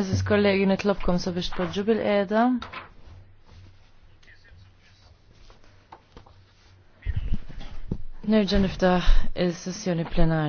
Eżis kollegi nitlobkom sabiex tpoġġu bil-qiegħda. Nerġa' niftaħ il sessjoni plenarja.